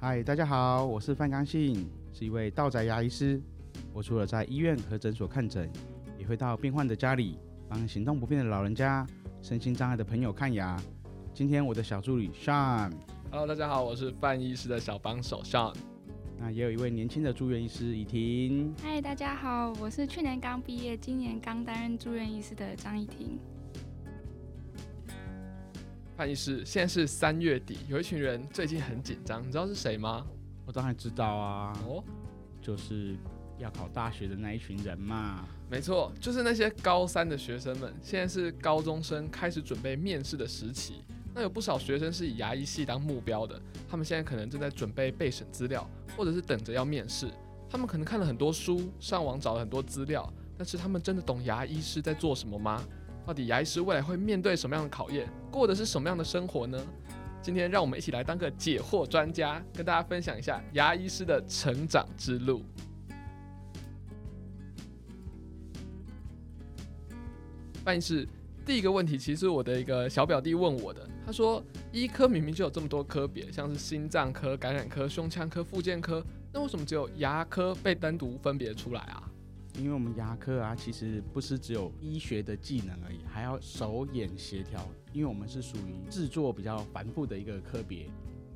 嗨，Hi, 大家好，我是范剛信，是一位到宅牙醫師。我除了在醫院和診所看診，也會到病患的家裡，幫行動不便的老人家、身心障礙的朋友看牙。今天我的小助理 Sean。Hello，大家好，我是范醫師的小幫手 Sean。那也有一位年輕的住院醫師旖庭。嗨，大家好，我是去年剛畢業，今年剛擔任住院醫師的張旖庭。潘醫師，現在是三月底，有一群人最近很緊張，哦、你知道是誰嗎？我當然知道啊，哦，就是要考大學的那一群人嘛。沒錯，就是那些高三的學生們，現在是高中生開始準備面試的時期。那有不少學生是以牙醫系當目標的，他們現在可能正在準備備審資料，或者是等着要面試。他們可能看了很多書，上網找了很多資料，但是他們真的懂牙醫師在做什麼嗎？到底牙醫師未來會面對什麼樣的考驗，過的是什麼樣的生活呢？今天讓我們一起來當個解惑專家，跟大家分享一下牙醫師的成長之路。范醫師，第一個問題其實是我的一個小表弟問我的，他說，醫科明明就有這麼多科別，像是心臟科、感染科、胸腔科、復健科，那為什麼只有牙科被單獨分別出來啊？因為我們牙科啊，其實不是只有醫學的技能而已，還要手眼協調。因為我們是屬於製作比較繁複的一個科別，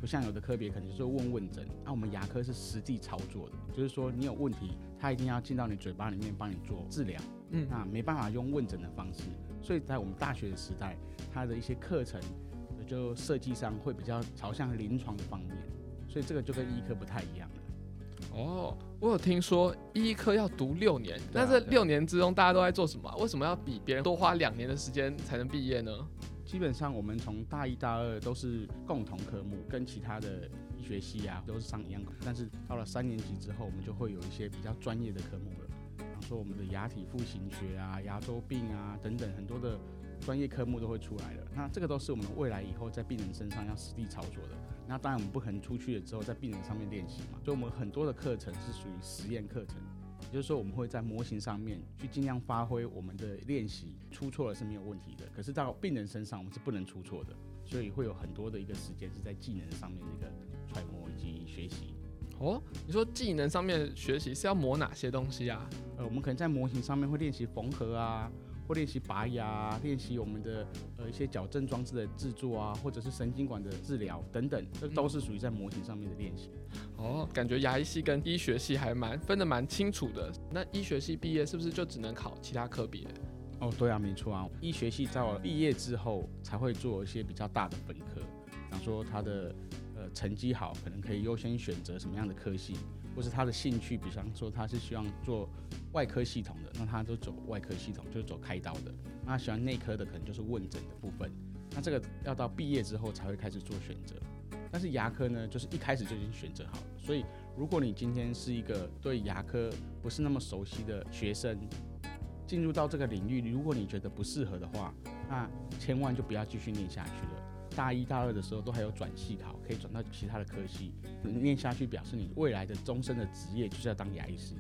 不像有的科別可能就是問問診，那、啊、我們牙科是實際操作的，就是說你有問題，他一定要進到你嘴巴裡面幫你做治療，嗯，那沒辦法用問診的方式。所以在我們大學的時代，它的一些課程就設計上會比較朝向臨床的方面，所以這個就跟醫科不太一樣了。哦。我有聽說醫科要讀六年，啊、那這六年之中大家都在做什麼？為什麼要比別人多花兩年的時間才能畢業呢？基本上我們從大一大二都是共同科目，跟其他的醫學系啊都是上一樣的。但是到了三年級之後，我們就會有一些比較專業的科目了，比如說我們的牙體複形學啊、牙周病啊等等，很多的專業科目都會出來了。那這個都是我們未來以後在病人身上要實地操作的。那當然，我們不可能出去了之後在病人上面練習嘛。所以，我們很多的課程是屬於實驗課程，也就是說，我們會在模型上面去儘量發揮我們的練習，出錯了是沒有問題的。可是到病人身上，我們是不能出錯的，所以會有很多的一個時間是在技能上面的一個揣摩以及學習。哦，你說技能上面學習是要磨哪些東西啊？呃，我們可能在模型上面會練習縫合啊。或練習拔牙，練習我們的呃一些矯正裝置的制作啊，或者是神經管的治療等等，這都，都是屬於在模型上面的練習。嗯。哦，感覺牙醫系跟醫學系還蠻分得蠻清楚的。那醫學系畢業是不是就只能考其他科別？哦，對啊，沒錯啊，醫學系在我畢業之後才會做一些比較大的本科，比方說他的呃成績好，可能可以優先選擇什麼樣的科系。或是他的興趣，比方說他是希望做外科系統的，那他就走外科系統，就是走開刀的；那他喜歡內科的，可能就是問診的部分。那這個要到畢業之後才會開始做選擇。但是牙科呢，就是一開始就已經選擇好了。所以，如果你今天是一個對牙科不是那麼熟悉的學生，進入到這個領域，如果你覺得不適合的話，那千萬就不要繼續念下去了。大一、大二的時候都還有轉系考，可以轉到其他的科系。念下去表示你未來的終身的職業就是要當牙醫師。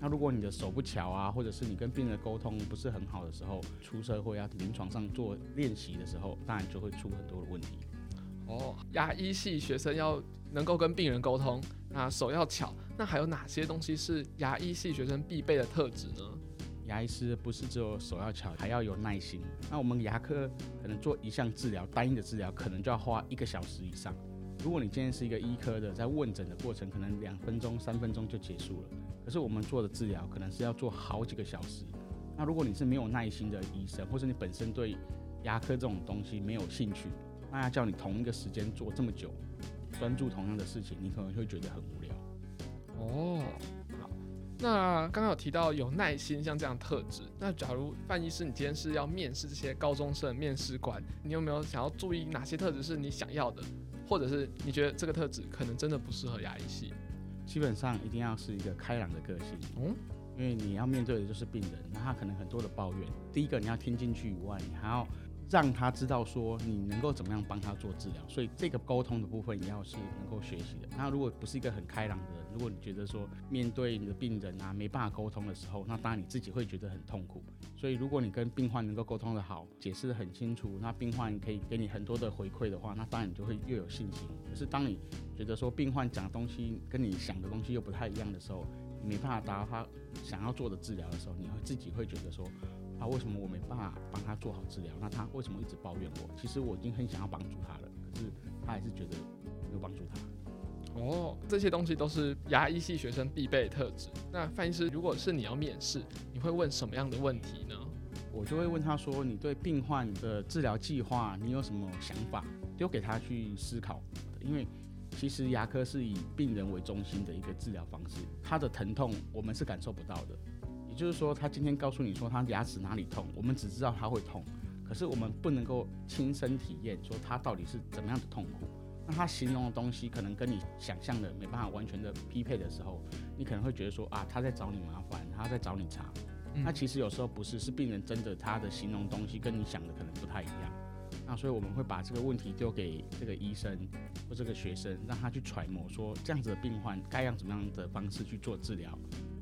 那如果你的手不巧啊，或者是你跟病人的溝通不是很好的時候，出社會啊，臨床上做練習的時候，當然就會出很多的問題。哦，牙醫系學生要能夠跟病人溝通，那、啊、手要巧，那還有哪些東西是牙醫系學生必備的特質呢？牙醫師不是只有手要巧，還要有耐心。那我們牙科可能做一項治療，單一的治療可能就要花一個小時以上。如果你今天是一個醫科的，在問診的過程可能兩分鐘、三分鐘就結束了。可是我們做的治療可能是要做好幾個小時。那如果你是沒有耐心的醫生，或是你本身對牙科這種東西沒有興趣，那要叫你同一個時間做這麼久，專注同樣的事情，你可能會覺得很無聊。哦。那剛剛有提到有耐心，像這樣特質。那假如范醫師，你今天是要面試這些高中生面試官，你有沒有想要注意哪些特質是你想要的，或者是你覺得這個特質可能真的不適合牙醫系？基本上一定要是一個開朗的個性，嗯，因為你要面對的就是病人，那他可能很多的抱怨，第一個你要聽進去以外，你還要。讓他知道說你能夠怎麼樣幫他做治療，所以這個溝通的部分你要是能夠學習的。那如果不是一個很開朗的人，如果你覺得說面對你的病人啊，沒辦法溝通的時候，那當然你自己會覺得很痛苦。所以如果你跟病患能夠溝通的好，解釋的很清楚，那病患可以給你很多的回饋的話，那當然你就會越有信心。可是當你覺得說病患講東西跟你想的東西又不太一樣的時候，你沒辦法達到他想要做的治療的時候，你會自己會覺得說。啊，為什麼我沒辦法幫他做好治療？那他為什麼一直抱怨我？其實我已經很想要幫助他了，可是他還是覺得沒有幫助他。哦，這些東西都是牙醫系學生必備的特質。那范醫師，如果是你要面試，你會問什麼樣的問題呢？我就會問他說：“你對病患的治療計劃，你有什麼想法？”丟給他去思考，因為其實牙科是以病人為中心的一個治療方式，他的疼痛我們是感受不到的。就是說，他今天告訴你說他牙齒哪裡痛，我們只知道他會痛，可是我們不能夠親身體驗說他到底是怎麼樣的痛苦。那他形容的東西可能跟你想象的沒辦法完全的匹配的時候，你可能會覺得說啊，他在找你麻煩，他在找你茬。嗯、那其實有時候不是，是病人真的他的形容東西跟你想的可能不太一樣。那所以我們會把這個問題丟給這個醫生或這個學生，讓他去揣摩說這樣子的病患該用怎麼樣的方式去做治療，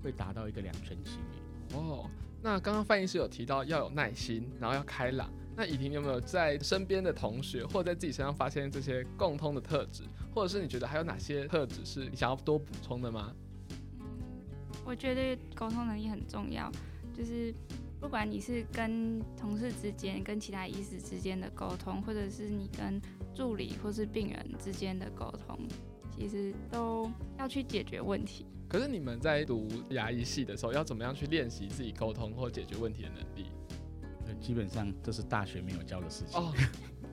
會達到一個兩全其美。哦，那剛剛范醫師有提到要有耐心，然後要開朗。那旖庭有沒有在身邊的同學或者在自己身上發現這些共通的特質，或者是你覺得還有哪些特質是你想要多補充的嗎？我覺得溝通能力很重要，就是不管你是跟同事之間、跟其他醫師之間的溝通，或者是你跟助理或是病人之間的溝通。其實都要去解決問題。可是你們在讀牙醫系的時候，要怎麼樣去練習自己溝通或解決問題的能力？嗯、基本上這是大學沒有教的事情。哦，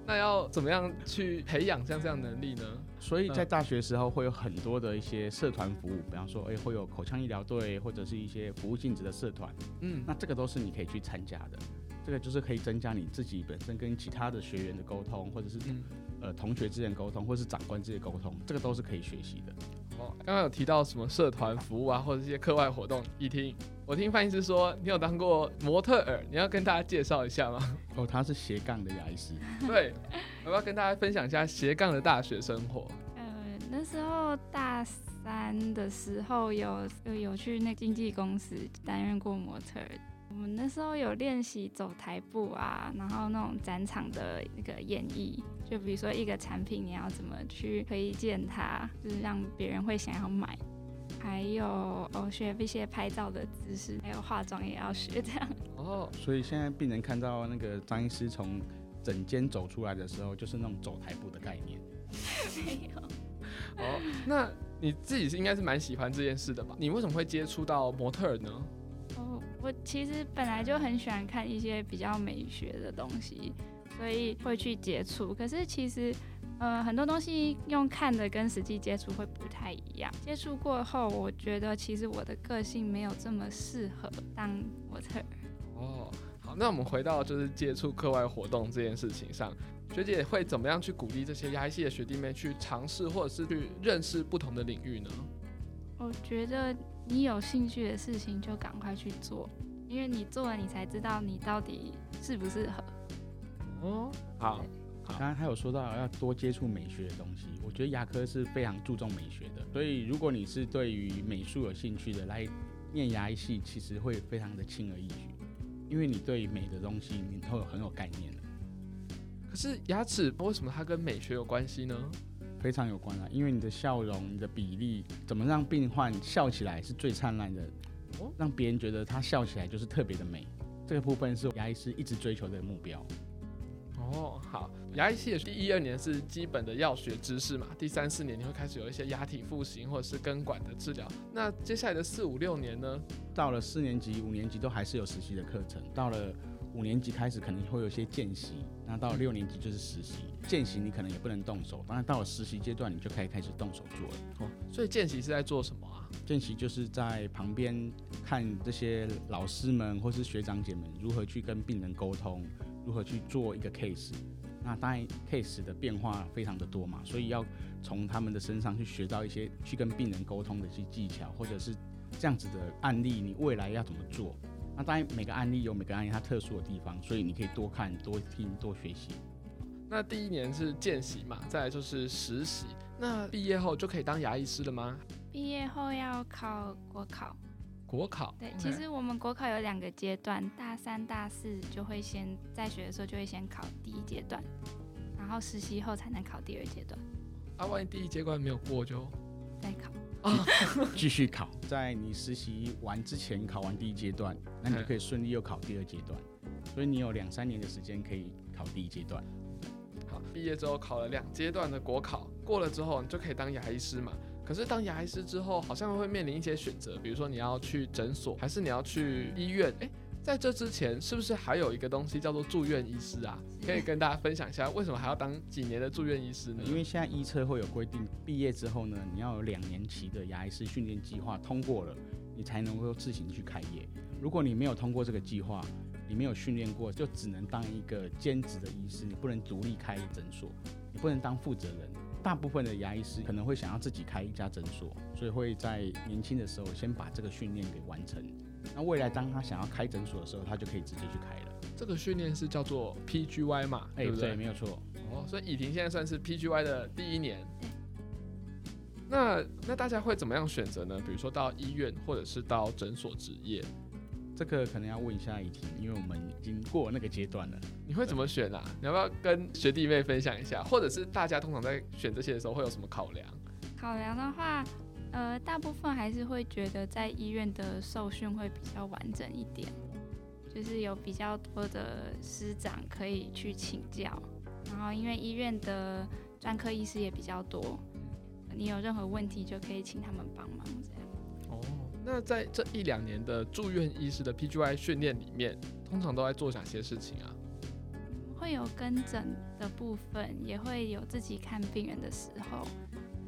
那要怎麼樣去培養像這樣的能力呢？ 所以在大學的時候會有很多的一些社團服務，比方說，哎、欸，會有口腔醫療隊或者是一些服務性質的社團。嗯，那這個都是你可以去參加的。這個就是可以增加你自己本身跟其他的學員的溝通，或者是、嗯。呃，同學之間溝通，或是長官之間溝通，這個都是可以學習的。哦，剛剛有提到什麼社團服務啊，或者這些課外活動。一聽，我聽范醫師說，你有當過模特兒，你要跟大家介紹一下嗎？哦，他是斜槓的牙醫師。 對，我要跟大家分享一下斜槓的大學生活。呃，那時候大三的時候有，有有去那個經紀公司擔任過模特兒我們那時候有練習走台步啊，然後那種展場的那個演繹，就比如說一個產品你要怎麼去推薦它，就是讓別人會想要買。還有哦，學一些拍照的姿勢，還有化妝也要學這樣。哦，oh, 所以現在病人看到那個張醫師從診間走出來的時候，就是那種走台步的概念。 沒有。哦，那你自己是應該是蠻喜歡這件事的吧？ 你為什麼會接觸到模特兒呢？我其實本來就很喜歡看一些比較美學的東西，所以會去接觸。可是其實，呃，很多東西用看的跟實際接觸會不太一樣。接觸過後，我覺得其實我的個性沒有這麼適合當模特。哦，好，那我們回到就是接觸課外活動這件事情上，學姐會怎麼樣去鼓勵這些牙醫系的學弟妹去嘗試或者是去認識不同的領域呢？我覺得。你有興趣的事情就趕快去做，因為你做了你才知道你到底適不適合。哦，好，好。剛才還有說到要多接觸美學的東西，我覺得牙科是非常注重美學的，所以如果你是對於美術有興趣的來念牙醫系，其實會非常的輕而易舉，因為你對美的東西你都有很有概念的。可是牙齒為什麼它跟美學有關係呢？非常有關啊，因為你的笑容、你的比例，怎麼讓病患笑起來是最燦爛的，哦、讓別人覺得他笑起來就是特別的美。這個部分是牙醫師一直追求的目標。哦，好，牙醫系也是第一二年是基本的藥學知識嘛，第三四年你會開始有一些牙體復形或者是根管的治療。那接下來的四五六年呢？到了四年級、五年級都還是有實習的課程。到了。五年級開始可能會有一些見習，那到六年級就是實習。見習你可能也不能動手，當然到了實習階段，你就可以開始動手做了。哦，所以見習是在做什麼啊？見習就是在旁邊看這些老師們或是學長姐們如何去跟病人溝通，如何去做一個 case。那當然 case 的變化非常的多嘛，所以要從他們的身上去學到一些去跟病人溝通的一些技巧，或者是這樣子的案例，你未來要怎麼做？那、啊、當然，每個案例有每個案例它特殊的地方，所以你可以多看、多聽、多學習。那第一年是見習嘛，再來就是實習。那畢業後就可以當牙醫師了嗎？畢業後要考國考。國考？對，Okay 其實我們國考有兩個階段，大三、大四就會先在學的時候就會先考第一階段，然後實習後才能考第二階段。那、啊、萬一第一階段沒有過就，就再考。 繼續考，在你實習完之前考完第一階段，那你就可以順利又考第二階段，嗯、所以你有兩三年的時間可以考第一階段。好，畢業之後考了兩階段的國考，過了之後你就可以當牙醫師嘛。可是當牙醫師之後，好像會面臨一些選擇，比如說你要去診所，還是你要去醫院？誒在這之前，是不是還有一個東西叫做住院醫師啊？可以跟大家分享一下，為什麼還要當幾年的住院醫師呢？因為現在醫策會有規定，畢業之後呢，你要有兩年期的牙醫師訓練計劃，通過了，你才能夠自行去開業。如果你沒有通過這個計劃，你沒有訓練過，就只能當一個兼職的醫師，你不能獨立開診所，你不能當負責人。大部分的牙醫師可能會想要自己開一家診所，所以會在年輕的時候先把這個訓練給完成。那未來當他想要開診所的時候，他就可以直接去開了。這個訓練是叫做 PGY 嘛？欸、對不對，對，沒有錯。哦，所以旖庭現在算是 PGY 的第一年。欸、那那大家會怎麼樣選擇呢？比如說到醫院或者是到診所執業，這個可能要問一下旖庭，因為我們已經過那個階段了。你會怎麼選啊？對你要不要跟學弟妹分享一下？或者是大家通常在選這些的時候會有什麼考量？考量的話。呃，大部分還是會覺得在醫院的受訓會比較完整一點，就是有比較多的師長可以去請教，然後因為醫院的專科醫師也比較多，你有任何問題就可以請他們幫忙。這樣哦，那在這一兩年的住院醫師的 PGY 訓練裡面，通常都在做哪些事情啊？會有跟診的部分，也會有自己看病人的時候，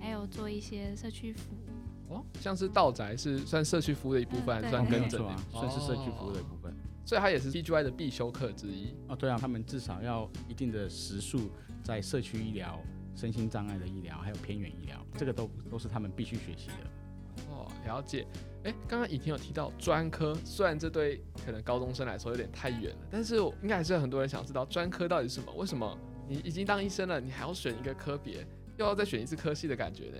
還有做一些社區服務。哦，像是到宅是算社區服務的一部分，算跟着，算是社區服務的一部分，所以它也是 TGY 的必修課之一。哦，對啊，他們至少要一定的時數在社區醫療、身心障礙的醫療，還有偏遠醫療，對這個都都是他們必須學習的。哦，了解。哎，剛剛已經有提到專科，雖然這對可能高中生來說有點太遠了，但是應該還是有很多人想知道專科到底是什麼？為什麼你已經當醫生了，你還要選一個科別，又要再選一次科系的感覺呢？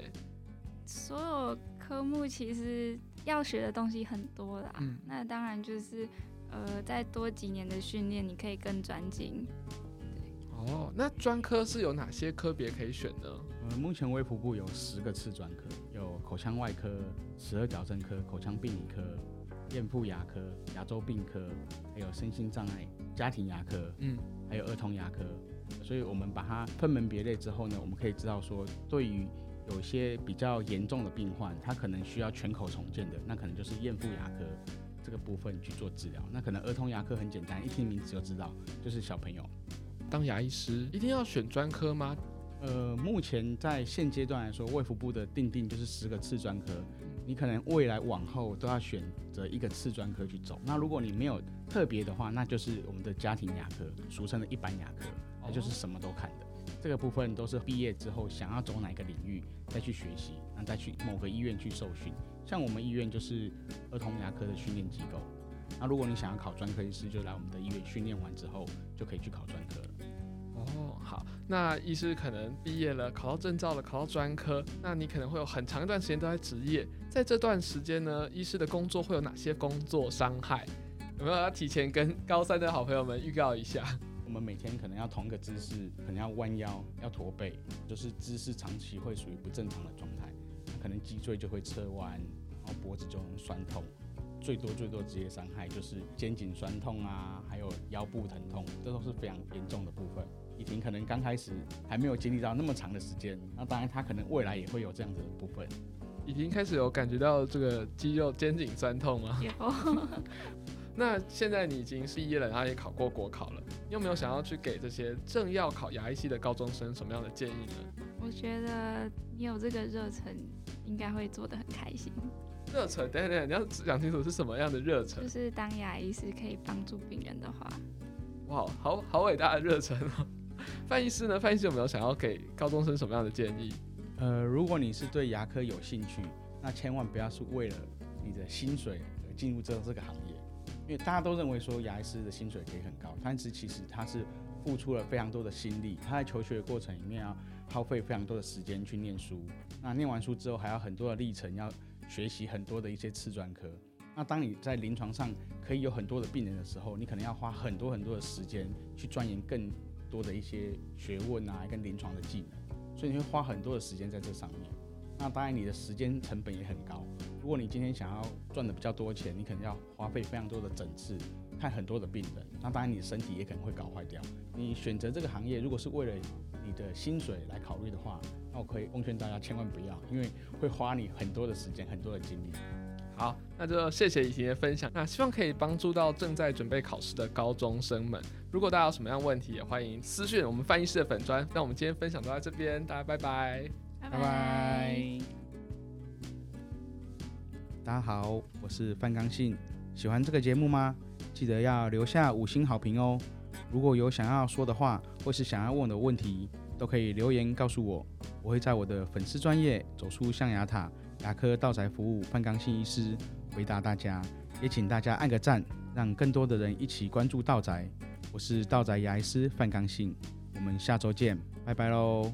所有、so。科目其實要學的東西很多啦，嗯、那當然就是呃，再多幾年的訓練，你可以更專精。對。哦，那專科是有哪些科別可以選的？嗯、呃，目前衛福部有十個次專科，有口腔外科、齒顎矯正科、口腔病理科、贗復牙科、牙周病科，還有身心障礙家庭牙科，嗯，還有兒童牙科。所以我們把它分門別類之後呢，我們可以知道說對於。有一些比較嚴重的病患，他可能需要全口重建的，那可能就是贗復牙科這個部分去做治療。那可能兒童牙科很簡單，一聽名字就知道，就是小朋友。當牙醫師一定要選專科嗎？呃，目前在現階段來說，衛福部的定定就是十個次專科，你可能未來往後都要選擇一個次專科去走。那如果你沒有特別的話，那就是我們的家庭牙科，俗稱的一般牙科，那就是什麼都看的。這個部分都是畢業之後想要走哪個領域，再去學習，然後再去某個醫院去受訓。像我們醫院就是兒童牙科的訓練機構。那如果你想要考專科醫師，就來我們的醫院訓練完之後，就可以去考專科了。哦，好，那醫師可能畢業了，考到證照了，考到專科，那你可能會有很長一段時間都在執業。在這段時間呢，醫師的工作會有哪些工作傷害？有沒有要提前跟高三的好朋友們預告一下？我們每天可能要同一個姿勢，可能要彎腰、要駝背，就是姿勢長期會屬於不正常的狀態，可能脊椎就會側彎，然後脖子就會痠痛。最多最多職業傷害就是肩頸痠痛啊，還有腰部疼痛，這都是非常嚴重的部分。旖庭可能剛開始還沒有經歷到那麼長的時間，那當然她可能未來也會有這樣子的部分。已經開始有感覺到這個肌肉肩頸痠痛嗎？有。Yeah. 那現在你已經是畢業了，然後也考過國考了，你有沒有想要去給這些正要考牙醫系的高中生什麼樣的建議呢？我覺得你有這個熱忱，應該會做得很開心。熱忱？等等，你要講清楚是什麼樣的熱忱。就是當牙醫是可以幫助病人的話。哇，好好偉大的熱忱哦。 范醫師呢？范醫師有沒有想要給高中生什麼樣的建議？呃，如果你是對牙科有興趣，那千萬不要是為了你的薪水而進入這這個行業。因為大家都認為說牙醫師的薪水可以很高，但是其實他是付出了非常多的心力。他在求學的過程裡面要耗費非常多的時間去念書，那念完書之後還要很多的歷程，要學習很多的一些次專科。那當你在臨床上可以有很多的病人的時候，你可能要花很多很多的時間去鑽研更多的一些學問啊，跟臨床的技能。所以你會花很多的時間在這上面，那當然你的時間成本也很高。如果你今天想要賺的比較多錢，你可能要花費非常多的診治，看很多的病人。那當然你身體也可能會搞壞掉。你選擇這個行業，如果是為了你的薪水來考慮的話，那我可以奉勸大家千萬不要，因為會花你很多的時間、很多的精力。好，那就謝謝一些分享，那希望可以幫助到正在準備考試的高中生們。如果大家有什麼樣的問題，也歡迎私訊我們翻譯室的粉磚。那我們今天分享到這邊，大家拜拜，拜拜。拜拜大家好，我是范剛信，喜歡這個節目嗎？記得要留下五星好評哦。如果有想要說的話，或是想要問我的問題，都可以留言告訴我，我會在我的粉絲專頁“走出象牙塔”牙科到宅服務范剛信醫師回答大家。也請大家按個讚，讓更多的人一起關注到宅。我是到宅牙醫師范剛信，我們下周見，拜拜嘍。